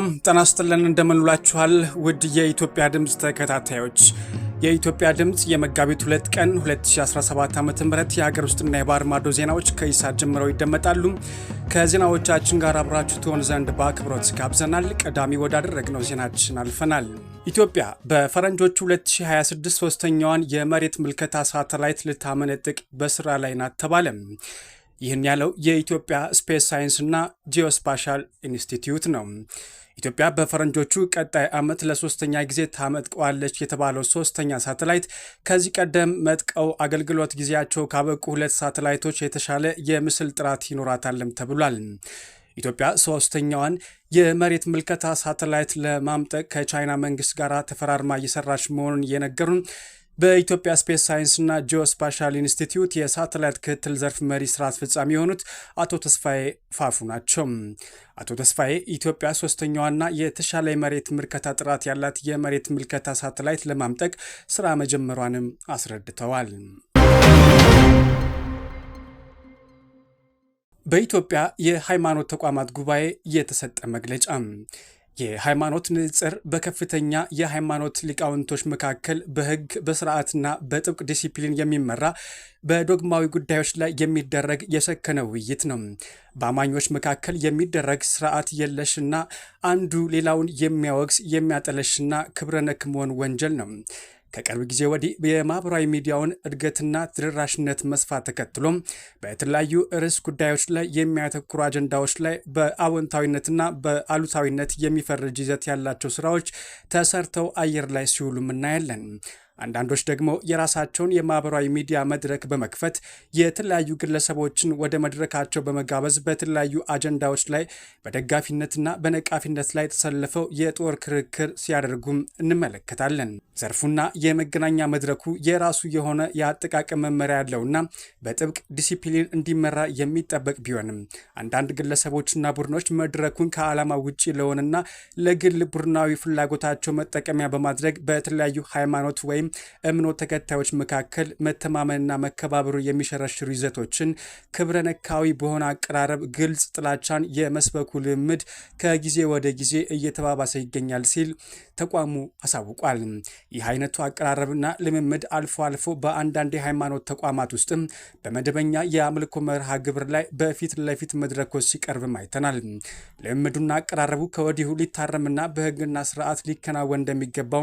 ሰላም ጤና ይስጥልን እንደምንውላችኋል ውድ የኢትዮጵያ ድምፅ ተከታታዮች የኢትዮጵያ ድምፅ የመጋቢት ሁለት ቀን 2017 ዓ ም የሀገር ውስጥና የባህር ማዶ ዜናዎች ከይሳት ጀምረው ይደመጣሉ። ከዜናዎቻችን ጋር አብራችሁ ትሆን ዘንድ በአክብሮት ጋብዘናል። ቀዳሚ ወዳደረግነው ዜናችን አልፈናል። ኢትዮጵያ በፈረንጆቹ 2026 ሶስተኛዋን የመሬት ምልከታ ሳተላይት ልታመነጥቅ በስራ ላይ ናት ተባለ። ይህን ያለው የኢትዮጵያ ስፔስ ሳይንስና ጂኦስፓሻል ኢንስቲትዩት ነው። ኢትዮጵያ በፈረንጆቹ ቀጣይ ዓመት ለሶስተኛ ጊዜ ታመጥቀዋለች የተባለው ሶስተኛ ሳተላይት ከዚህ ቀደም መጥቀው አገልግሎት ጊዜያቸው ካበቁ ሁለት ሳተላይቶች የተሻለ የምስል ጥራት ይኖራታልም ተብሏል። ኢትዮጵያ ሶስተኛዋን የመሬት ምልከታ ሳተላይት ለማምጠቅ ከቻይና መንግስት ጋር ተፈራርማ እየሰራች መሆኑን የነገሩን በኢትዮጵያ ስፔስ ሳይንስና ጂኦስፓሻል ኢንስቲትዩት የሳተላይት ክትትል ዘርፍ መሪ ስራ አስፈጻሚ የሆኑት አቶ ተስፋዬ ፋፉ ናቸው። አቶ ተስፋዬ ኢትዮጵያ ሶስተኛዋና የተሻለ የመሬት ምልከታ ጥራት ያላት የመሬት ምልከታ ሳተላይት ለማምጠቅ ስራ መጀመሯንም አስረድተዋል። በኢትዮጵያ የሃይማኖት ተቋማት ጉባኤ የተሰጠ መግለጫ የሃይማኖት ንጽር በከፍተኛ የሃይማኖት ሊቃውንቶች መካከል በህግ በስርዓትና በጥብቅ ዲሲፕሊን የሚመራ በዶግማዊ ጉዳዮች ላይ የሚደረግ የሰከነ ውይይት ነው። በአማኞች መካከል የሚደረግ ስርዓት የለሽና አንዱ ሌላውን የሚያወግስ የሚያጠለሽና ክብረነክ መሆን ወንጀል ነው። ከቅርብ ጊዜ ወዲህ የማህበራዊ ሚዲያውን እድገትና ተደራሽነት መስፋት ተከትሎም በተለያዩ ርዕስ ጉዳዮች ላይ የሚያተኩሩ አጀንዳዎች ላይ በአዎንታዊነትና በአሉታዊነት የሚፈርጅ ይዘት ያላቸው ስራዎች ተሰርተው አየር ላይ ሲውሉም እናያለን። አንዳንዶች ደግሞ የራሳቸውን የማህበራዊ ሚዲያ መድረክ በመክፈት የተለያዩ ግለሰቦችን ወደ መድረካቸው በመጋበዝ በተለያዩ አጀንዳዎች ላይ በደጋፊነትና በነቃፊነት ላይ ተሰልፈው የጦር ክርክር ሲያደርጉም እንመለከታለን። ዘርፉና የመገናኛ መድረኩ የራሱ የሆነ የአጠቃቀም መመሪያ ያለውና በጥብቅ ዲሲፕሊን እንዲመራ የሚጠበቅ ቢሆንም አንዳንድ ግለሰቦችና ቡድኖች መድረኩን ከዓላማ ውጭ ለሆነና ለግል ቡድናዊ ፍላጎታቸው መጠቀሚያ በማድረግ በተለያዩ ሃይማኖት ወይም እምኖ ተከታዮች መካከል መተማመንና መከባበሩ የሚሸረሽሩ ይዘቶችን ክብረነካዊ በሆነ አቀራረብ ግልጽ ጥላቻን የመስበኩ ልምድ ከጊዜ ወደ ጊዜ እየተባባሰ ይገኛል ሲል ተቋሙ አሳውቋል። ይህ አይነቱ አቀራረብና ልምምድ አልፎ አልፎ በአንዳንድ የሃይማኖት ተቋማት ውስጥም በመደበኛ የአምልኮ መርሃ ግብር ላይ በፊት ለፊት መድረኮች ሲቀርብም አይተናል። ልምምዱና አቀራረቡ ከወዲሁ ሊታረምና በህግና ስርዓት ሊከናወን እንደሚገባው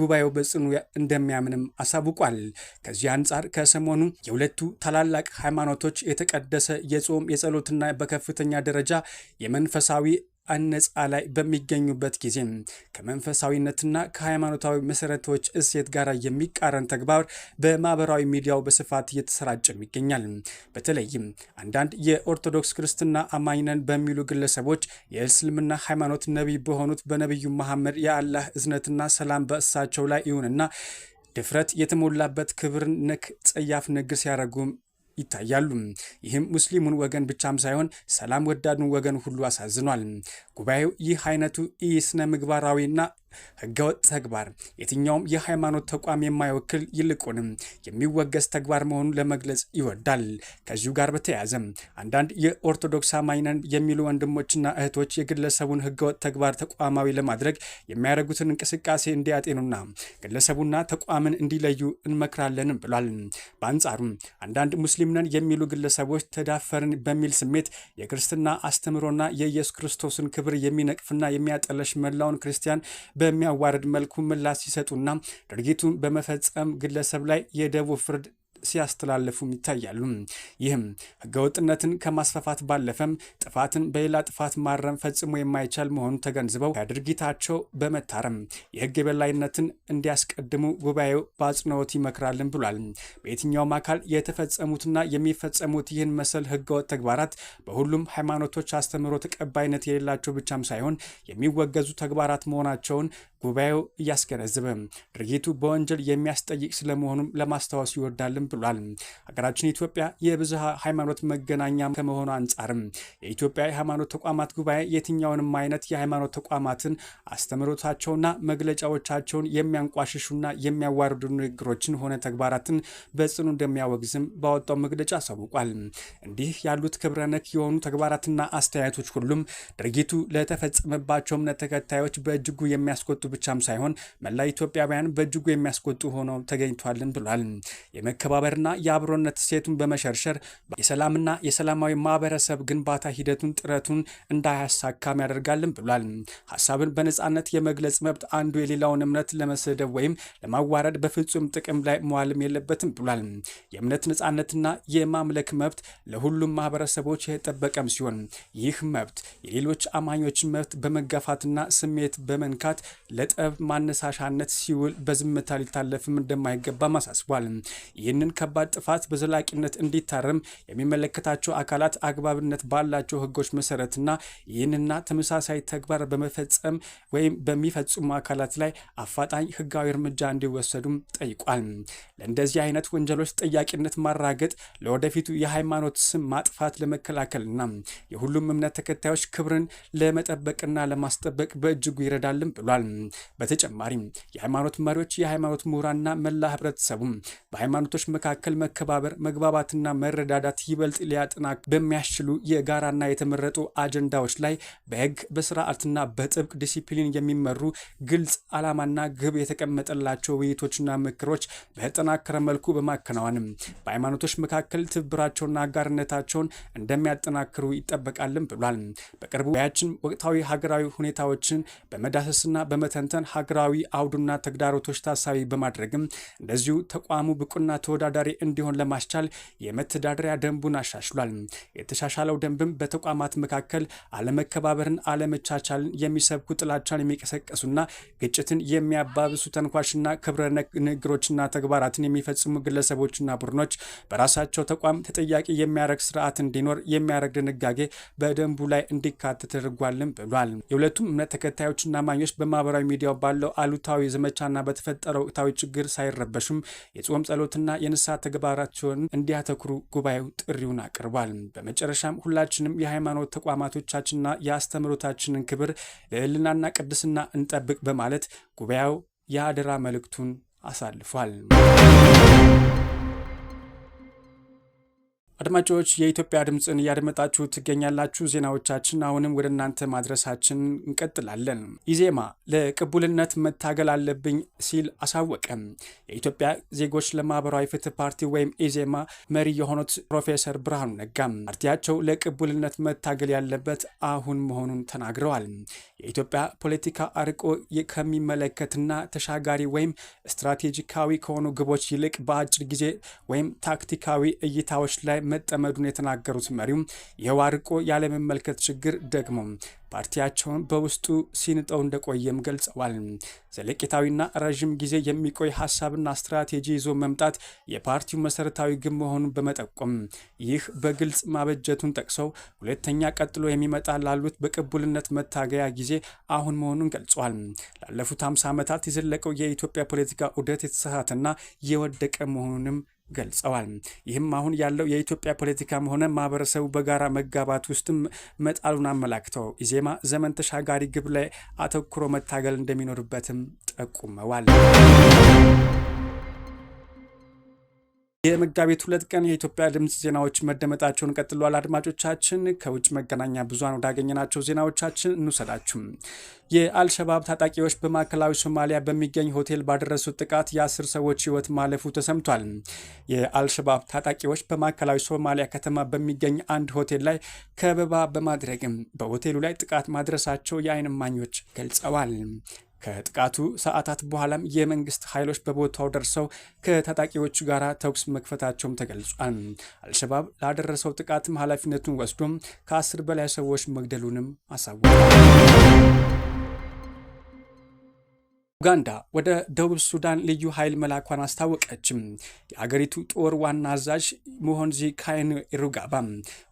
ጉባኤው በጽኑ እንደሚያምንም አሳውቋል። ከዚህ አንጻር ከሰሞኑ የሁለቱ ታላላቅ ሃይማኖቶች የተቀደሰ የጾም የጸሎትና በከፍተኛ ደረጃ የመንፈሳዊ አነጻ ላይ በሚገኙበት ጊዜ ከመንፈሳዊነትና ከሃይማኖታዊ መሰረቶች እሴት ጋር የሚቃረን ተግባር በማህበራዊ ሚዲያው በስፋት እየተሰራጨም ይገኛል። በተለይም አንዳንድ የኦርቶዶክስ ክርስትና አማኝነን በሚሉ ግለሰቦች የእስልምና ሃይማኖት ነቢይ በሆኑት በነቢዩ መሐመድ የአላህ እዝነትና ሰላም በእሳቸው ላይ ይሁንና ድፍረት የተሞላበት ክብር ነክ ጸያፍ ንግር ሲያደርጉም ይታያሉ። ይህም ሙስሊሙን ወገን ብቻም ሳይሆን ሰላም ወዳዱን ወገን ሁሉ አሳዝኗል። ጉባኤው ይህ አይነቱ ኢ ስነ ምግባራዊና ህገወጥ ተግባር የትኛውም የሃይማኖት ተቋም የማይወክል ይልቁንም የሚወገዝ ተግባር መሆኑን ለመግለጽ ይወዳል። ከዚሁ ጋር በተያያዘም አንዳንድ የኦርቶዶክስ አማኝ ነን የሚሉ ወንድሞችና እህቶች የግለሰቡን ህገወጥ ተግባር ተቋማዊ ለማድረግ የሚያደርጉትን እንቅስቃሴ እንዲያጤኑና ግለሰቡና ተቋምን እንዲለዩ እንመክራለን ብሏል። በአንጻሩም አንዳንድ ሙስሊም ነን የሚሉ ግለሰቦች ተዳፈርን በሚል ስሜት የክርስትና አስተምሮና የኢየሱስ ክርስቶስን ክብር የሚነቅፍና የሚያጠለሽ መላውን ክርስቲያን በሚያዋርድ መልኩ ምላሽ ሲሰጡና ድርጊቱን በመፈጸም ግለሰብ ላይ የደቡብ ፍርድ ሲያስተላለፉም ይታያሉ። ይህም ህገወጥነትን ከማስፋፋት ባለፈም ጥፋትን በሌላ ጥፋት ማረም ፈጽሞ የማይቻል መሆኑ ተገንዝበው ከድርጊታቸው በመታረም የህግ የበላይነትን እንዲያስቀድሙ ጉባኤው በአጽንኦት ይመክራልን ብሏል። በየትኛውም አካል የተፈጸሙትና የሚፈጸሙት ይህን መሰል ህገወጥ ተግባራት በሁሉም ሃይማኖቶች አስተምህሮ ተቀባይነት የሌላቸው ብቻም ሳይሆን የሚወገዙ ተግባራት መሆናቸውን ጉባኤው እያስገነዘበ ድርጊቱ በወንጀል የሚያስጠይቅ ስለመሆኑም ለማስታወስ ይወዳልን ብሏል። ሀገራችን ኢትዮጵያ የብዝሃ ሃይማኖት መገናኛ ከመሆኑ አንጻርም የኢትዮጵያ የሃይማኖት ተቋማት ጉባኤ የትኛውንም አይነት የሃይማኖት ተቋማትን አስተምህሮታቸውና መግለጫዎቻቸውን የሚያንቋሽሹና የሚያዋርዱ ንግግሮችን ሆነ ተግባራትን በጽኑ እንደሚያወግዝም ባወጣው መግለጫ አሳውቋል። እንዲህ ያሉት ክብረነክ የሆኑ ተግባራትና አስተያየቶች ሁሉም ድርጊቱ ለተፈጸመባቸው እምነት ተከታዮች በእጅጉ የሚያስቆጡ ብቻም ሳይሆን መላ ኢትዮጵያውያን በእጅጉ የሚያስቆጡ ሆነው ተገኝቷልን ብሏል። የመከባበር በማስተባበርና የአብሮነት ሴቱን በመሸርሸር የሰላምና የሰላማዊ ማህበረሰብ ግንባታ ሂደቱን ጥረቱን እንዳያሳካም ያደርጋልን ብሏል። ሀሳብን በነጻነት የመግለጽ መብት አንዱ የሌላውን እምነት ለመስደብ ወይም ለማዋረድ በፍጹም ጥቅም ላይ መዋልም የለበትም ብሏል። የእምነት ነጻነትና የማምለክ መብት ለሁሉም ማህበረሰቦች የጠበቀም ሲሆን ይህ መብት የሌሎች አማኞችን መብት በመጋፋትና ስሜት በመንካት ለጠብ ማነሳሻነት ሲውል በዝምታ ሊታለፍም እንደማይገባም አሳስቧል። ይህንን ከባድ ጥፋት በዘላቂነት እንዲታረም የሚመለከታቸው አካላት አግባብነት ባላቸው ህጎች መሰረትና ይህንና ተመሳሳይ ተግባር በመፈጸም ወይም በሚፈጽሙ አካላት ላይ አፋጣኝ ህጋዊ እርምጃ እንዲወሰዱም ጠይቋል። ለእንደዚህ አይነት ወንጀሎች ጠያቂነት ማራገጥ ለወደፊቱ የሃይማኖት ስም ማጥፋት ለመከላከልና የሁሉም እምነት ተከታዮች ክብርን ለመጠበቅና ለማስጠበቅ በእጅጉ ይረዳልም ብሏል። በተጨማሪም የሃይማኖት መሪዎች፣ የሃይማኖት ምሁራንና መላ ህብረተሰቡም በሃይማኖቶች መካከል መከባበር፣ መግባባትና መረዳዳት ይበልጥ ሊያጥና በሚያስችሉ የጋራና የተመረጡ አጀንዳዎች ላይ በህግ በስርዓትና በጥብቅ ዲሲፕሊን የሚመሩ ግልጽ ዓላማና ግብ የተቀመጠላቸው ውይይቶችና ምክሮች በተጠናከረ መልኩ በማከናወንም በሃይማኖቶች መካከል ትብብራቸውና አጋርነታቸውን እንደሚያጠናክሩ ይጠበቃልም ብሏል። በቅርቡ ያችን ወቅታዊ ሀገራዊ ሁኔታዎችን በመዳሰስና በመተንተን ሀገራዊ አውዱና ተግዳሮቶች ታሳቢ በማድረግም እንደዚሁ ተቋሙ ብቁና ተወዳ ተወዳዳሪ እንዲሆን ለማስቻል የመተዳደሪያ ደንቡን አሻሽሏል። የተሻሻለው ደንብም በተቋማት መካከል አለመከባበርን፣ አለመቻቻልን የሚሰብኩ ጥላቻን የሚቀሰቀሱና ግጭትን የሚያባብሱ ተንኳሽና ክብረ ነክ ንግግሮችና ተግባራትን የሚፈጽሙ ግለሰቦችና ቡድኖች በራሳቸው ተቋም ተጠያቂ የሚያደርግ ስርዓት እንዲኖር የሚያደርግ ድንጋጌ በደንቡ ላይ እንዲካተት ተደርጓልም ብሏል። የሁለቱም እምነት ተከታዮችና አማኞች በማህበራዊ ሚዲያው ባለው አሉታዊ ዘመቻና በተፈጠረው ወቅታዊ ችግር ሳይረበሹም የጾም ጸሎትና የንስሐ ተግባራቸውን እንዲያተኩሩ ጉባኤው ጥሪውን አቅርቧል። በመጨረሻም ሁላችንም የሃይማኖት ተቋማቶቻችንና የአስተምህሮታችንን ክብር ልዕልናና ቅድስና እንጠብቅ በማለት ጉባኤው የአደራ መልእክቱን አሳልፏል። አድማጮች የኢትዮጵያ ድምፅን እያደመጣችሁ ትገኛላችሁ። ዜናዎቻችን አሁንም ወደ እናንተ ማድረሳችን እንቀጥላለን። ኢዜማ ለቅቡልነት መታገል አለብኝ ሲል አሳወቀም። የኢትዮጵያ ዜጎች ለማህበራዊ ፍትህ ፓርቲ ወይም ኢዜማ መሪ የሆኑት ፕሮፌሰር ብርሃኑ ነጋም ፓርቲያቸው ለቅቡልነት መታገል ያለበት አሁን መሆኑን ተናግረዋል። የኢትዮጵያ ፖለቲካ አርቆ ከሚመለከትና ተሻጋሪ ወይም ስትራቴጂካዊ ከሆኑ ግቦች ይልቅ በአጭር ጊዜ ወይም ታክቲካዊ እይታዎች ላይ መጠመዱን የተናገሩት መሪው የዋርቆ ያለመመልከት ችግር ደግሞ ፓርቲያቸውን በውስጡ ሲንጠው እንደቆየም ገልጸዋል። ዘለቄታዊና ረዥም ጊዜ የሚቆይ ሀሳብና ስትራቴጂ ይዞ መምጣት የፓርቲው መሰረታዊ ግብ መሆኑን በመጠቆም ይህ በግልጽ ማበጀቱን ጠቅሰው ሁለተኛ ቀጥሎ የሚመጣ ላሉት በቅቡልነት መታገያ ጊዜ አሁን መሆኑን ገልጿል። ላለፉት 50 ዓመታት የዘለቀው የኢትዮጵያ ፖለቲካ ዑደት የተሳሳተና የወደቀ መሆኑንም ገልጸዋል። ይህም አሁን ያለው የኢትዮጵያ ፖለቲካም ሆነ ማህበረሰቡ በጋራ መጋባት ውስጥም መጣሉን አመላክተው ኢዜማ ዘመን ተሻጋሪ ግብ ላይ አተኩሮ መታገል እንደሚኖርበትም ጠቁመዋል። የመጋቢት ሁለት ቀን የኢትዮጵያ ድምፅ ዜናዎች መደመጣቸውን ቀጥሏል። አድማጮቻችን ከውጭ መገናኛ ብዙሃን ወዳገኘናቸው ዜናዎቻችን እንውሰዳችሁ። የአልሸባብ ታጣቂዎች በማዕከላዊ ሶማሊያ በሚገኝ ሆቴል ባደረሱት ጥቃት የአስር ሰዎች ህይወት ማለፉ ተሰምቷል። የአልሸባብ ታጣቂዎች በማዕከላዊ ሶማሊያ ከተማ በሚገኝ አንድ ሆቴል ላይ ከበባ በማድረግም በሆቴሉ ላይ ጥቃት ማድረሳቸው የአይን እማኞች ገልጸዋል። ከጥቃቱ ሰዓታት በኋላም የመንግስት ኃይሎች በቦታው ደርሰው ከታጣቂዎቹ ጋር ተኩስ መክፈታቸውም ተገልጿል። አልሸባብ ላደረሰው ጥቃትም ኃላፊነቱን ወስዶም ከአስር በላይ ሰዎች መግደሉንም አሳወቀ። ኡጋንዳ ወደ ደቡብ ሱዳን ልዩ ኃይል መላኳን አስታወቀችም። የአገሪቱ ጦር ዋና አዛዥ ሞሆንዚ ካይን ሩጋባ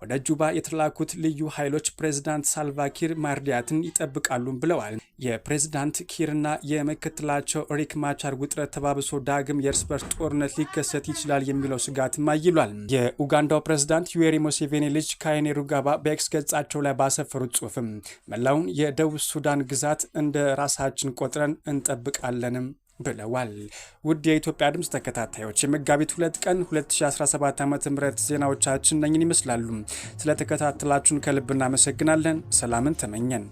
ወደ ጁባ የተላኩት ልዩ ኃይሎች ፕሬዚዳንት ሳልቫኪር ማርዲያትን ይጠብቃሉ ብለዋል። የፕሬዝዳንት ኪርና የምክትላቸው ሪክ ማቻር ውጥረት ተባብሶ ዳግም የእርስ በርስ ጦርነት ሊከሰት ይችላል የሚለው ስጋትም አይሏል። የኡጋንዳው ፕሬዚዳንት ዩዌሪ ሙሴቬኒ ልጅ ካይን ሩጋባ በኤክስ ገጻቸው ላይ ባሰፈሩት ጽሁፍም መላውን የደቡብ ሱዳን ግዛት እንደ ራሳችን ቆጥረን እንጠ እንጠብቃለንም ብለዋል። ውድ የኢትዮጵያ ድምፅ ተከታታዮች የመጋቢት ሁለት ቀን 2017 ዓ ም ዜናዎቻችን ነኝን ይመስላሉ። ስለተከታተላችሁን ከልብ እናመሰግናለን። ሰላምን ተመኘን።